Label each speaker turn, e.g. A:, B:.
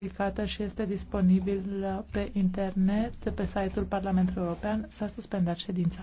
A: publicată și este disponibil pe internet, pe site-ul Parlamentului European. S-a suspendat ședința.